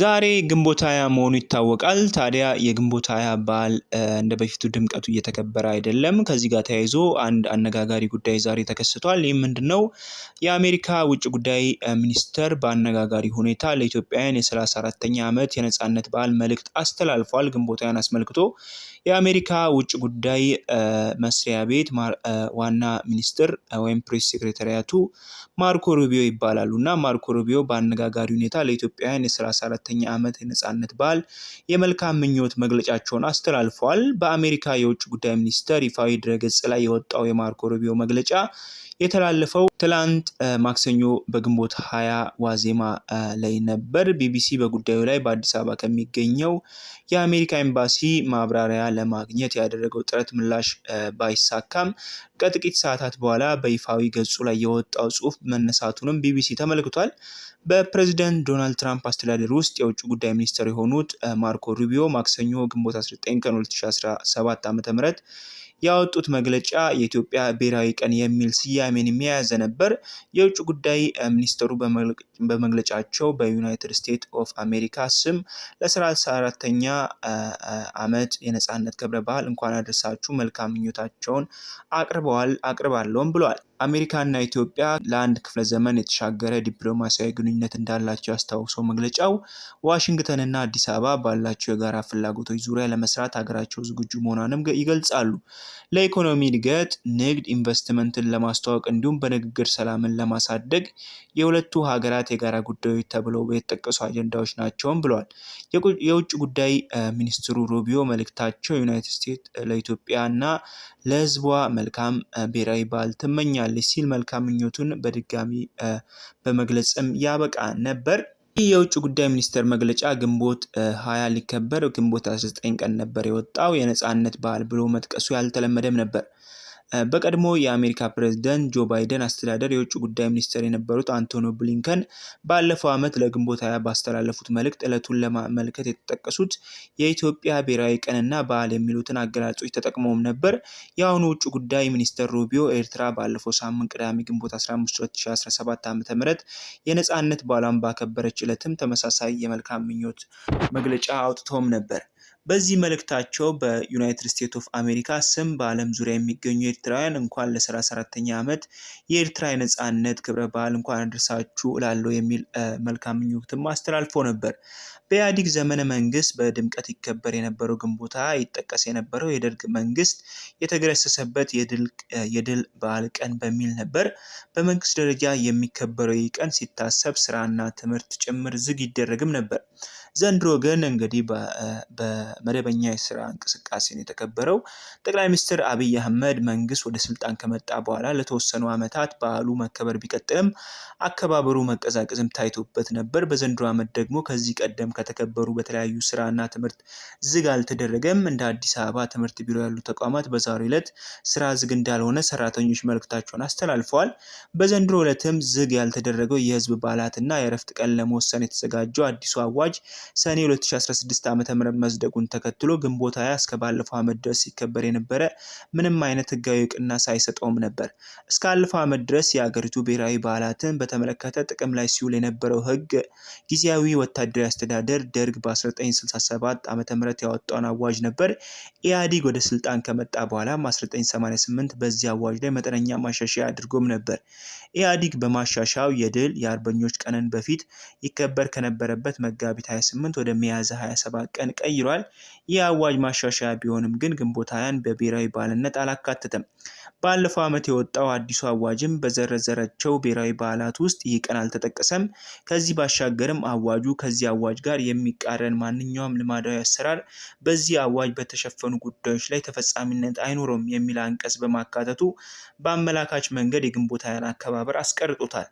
ዛሬ ግንቦት ሃያ መሆኑ ይታወቃል። ታዲያ የግንቦት ሃያ በዓል እንደ በፊቱ ድምቀቱ እየተከበረ አይደለም። ከዚህ ጋር ተያይዞ አንድ አነጋጋሪ ጉዳይ ዛሬ ተከስቷል። ይህ ምንድን ነው? የአሜሪካ ውጭ ጉዳይ ሚኒስተር በአነጋጋሪ ሁኔታ ለኢትዮጵያውያን የሰላሳ አራተኛ ዓመት የነፃነት በዓል መልእክት አስተላልፏል። ግንቦት ሃያን አስመልክቶ የአሜሪካ ውጭ ጉዳይ መስሪያ ቤት ዋና ሚኒስትር ወይም ፕሬስ ሴክሬታሪያቱ ማርኮ ሩቢዮ ይባላሉ እና ማርኮ ሩቢዮ በአነጋጋሪ ሁኔታ ለኢትዮጵያውያን የሰላሳ አራተኛ ዓመት የነፃነት በዓል የመልካም ምኞት መግለጫቸውን አስተላልፈዋል። በአሜሪካ የውጭ ጉዳይ ሚኒስቴር ይፋዊ ድረገጽ ላይ የወጣው የማርኮ ሩቢዮ መግለጫ የተላለፈው ትላንት ማክሰኞ በግንቦት ሀያ ዋዜማ ላይ ነበር። ቢቢሲ በጉዳዩ ላይ በአዲስ አበባ ከሚገኘው የአሜሪካ ኤምባሲ ማብራሪያ ለማግኘት ያደረገው ጥረት ምላሽ ባይሳካም ከጥቂት ሰዓታት በኋላ በይፋዊ ገጹ ላይ የወጣው ጽሑፍ መነሳቱንም ቢቢሲ ተመልክቷል። በፕሬዚደንት ዶናልድ ትራምፕ አስተዳደር ውስጥ የውጭ ጉዳይ ሚኒስትር የሆኑት ማርኮ ሩቢዮ ማክሰኞ ግንቦት 19 ቀን 2017 ዓ.ም ያወጡት መግለጫ የኢትዮጵያ ብሔራዊ ቀን የሚል ስያሜን የያዘ ነበር። የውጭ ጉዳይ ሚኒስትሩ በመግለጫቸው በዩናይትድ ስቴትስ ኦፍ አሜሪካ ስም ለሰላሳ አራተኛ ዓመት የነፃነት ክብረ በዓል እንኳን አደረሳችሁ መልካም ምኞታቸውን አቅርበዋል አቅርባለሁም ብለዋል። አሜሪካና ኢትዮጵያ ለአንድ ክፍለ ዘመን የተሻገረ ዲፕሎማሲያዊ ግንኙነት እንዳላቸው ያስታውሰው መግለጫው ዋሽንግተንና አዲስ አበባ ባላቸው የጋራ ፍላጎቶች ዙሪያ ለመስራት ሀገራቸው ዝግጁ መሆኗንም ይገልጻሉ። ለኢኮኖሚ እድገት፣ ንግድ፣ ኢንቨስትመንትን ለማስተዋወቅ እንዲሁም በንግግር ሰላምን ለማሳደግ የሁለቱ ሀገራት የጋራ ጉዳዮች ተብለው የተጠቀሱ አጀንዳዎች ናቸውም ብለዋል። የውጭ ጉዳይ ሚኒስትሩ ሩቢዮ መልእክታቸው ዩናይትድ ስቴትስ ለኢትዮጵያና ለሕዝቧ መልካም ብሔራዊ በዓል ትመኛል ትችላለች ሲል መልካም ምኞቱን በድጋሚ በመግለጽም ያበቃ ነበር። ይህ የውጭ ጉዳይ ሚኒስቴር መግለጫ ግንቦት ሀያ ሊከበር ግንቦት 19 ቀን ነበር የወጣው የነፃነት በዓል ብሎ መጥቀሱ ያልተለመደም ነበር። በቀድሞ የአሜሪካ ፕሬዝደንት ጆ ባይደን አስተዳደር የውጭ ጉዳይ ሚኒስትር የነበሩት አንቶኒ ብሊንከን ባለፈው ዓመት ለግንቦት ሀያ ባስተላለፉት መልእክት ዕለቱን ለማመልከት የተጠቀሱት የኢትዮጵያ ብሔራዊ ቀንና በዓል የሚሉትን አገላጮች ተጠቅመውም ነበር። የአሁኑ ውጭ ጉዳይ ሚኒስትር ሩቢዮ ኤርትራ ባለፈው ሳምንት ቅዳሜ ግንቦት 15 2017 ዓ ም የነፃነት በዓሏን ባከበረች ዕለትም ተመሳሳይ የመልካም ምኞት መግለጫ አውጥተውም ነበር። በዚህ መልእክታቸው በዩናይትድ ስቴትስ ኦፍ አሜሪካ ስም በዓለም ዙሪያ የሚገኙ ኤርትራውያን እንኳን ለ34ተኛ ዓመት የኤርትራ የነፃነት ክብረ በዓል እንኳን አደረሳችሁ እላለሁ የሚል መልካም ምኞትም አስተላልፎ ነበር። በኢህአዲግ ዘመነ መንግስት በድምቀት ይከበር የነበረው ግንቦት ሃያ ይጠቀስ የነበረው የደርግ መንግስት የተገረሰሰበት የድል በዓል ቀን በሚል ነበር። በመንግስት ደረጃ የሚከበረው ይህ ቀን ሲታሰብ ስራና ትምህርት ጭምር ዝግ ይደረግም ነበር። ዘንድሮ ግን እንግዲህ በመደበኛ የስራ እንቅስቃሴ ነው የተከበረው። ጠቅላይ ሚኒስትር አብይ አህመድ መንግስት ወደ ስልጣን ከመጣ በኋላ ለተወሰኑ ዓመታት በዓሉ መከበር ቢቀጥልም አከባበሩ መቀዛቀዝም ታይቶበት ነበር። በዘንድሮ ዓመት ደግሞ ከዚህ ቀደም ከተከበሩ በተለያዩ ስራና ትምህርት ዝግ አልተደረገም። እንደ አዲስ አበባ ትምህርት ቢሮ ያሉ ተቋማት በዛሬው ዕለት ስራ ዝግ እንዳልሆነ ሰራተኞች መልእክታቸውን አስተላልፈዋል። በዘንድሮ ዕለትም ዝግ ያልተደረገው የህዝብ በዓላትና የእረፍት ቀን ለመወሰን የተዘጋጀው አዲሱ አዋጅ ሰኔ 2016 ዓ ም ተከትሎ ግንቦት ሃያ እስከ ባለፈው ዓመት ድረስ ሲከበር የነበረ ምንም አይነት ህጋዊ እውቅና ሳይሰጠውም ነበር። እስከ አለፈው ዓመት ድረስ የአገሪቱ ብሔራዊ በዓላትን በተመለከተ ጥቅም ላይ ሲውል የነበረው ህግ ጊዜያዊ ወታደራዊ አስተዳደር ደርግ በ1967 ዓ ም ያወጣውን አዋጅ ነበር። ኢህአዲግ ወደ ስልጣን ከመጣ በኋላ 1988 በዚህ አዋጅ ላይ መጠነኛ ማሻሻያ አድርጎም ነበር። ኢህአዲግ በማሻሻው የድል የአርበኞች ቀንን በፊት ይከበር ከነበረበት መጋቢት 26 28 ወደ ሚያዝያ 27 ቀን ቀይሯል። ይህ አዋጅ ማሻሻያ ቢሆንም ግን ግንቦት ሃያን በብሔራዊ በዓልነት አላካተተም። ባለፈው ዓመት የወጣው አዲሱ አዋጅም በዘረዘረቸው ብሔራዊ በዓላት ውስጥ ይህ ቀን አልተጠቀሰም። ከዚህ ባሻገርም አዋጁ ከዚህ አዋጅ ጋር የሚቃረን ማንኛውም ልማዳዊ አሰራር በዚህ አዋጅ በተሸፈኑ ጉዳዮች ላይ ተፈጻሚነት አይኖረውም የሚል አንቀጽ በማካተቱ በአመላካች መንገድ የግንቦት ሃያን አከባበር አስቀርጦታል።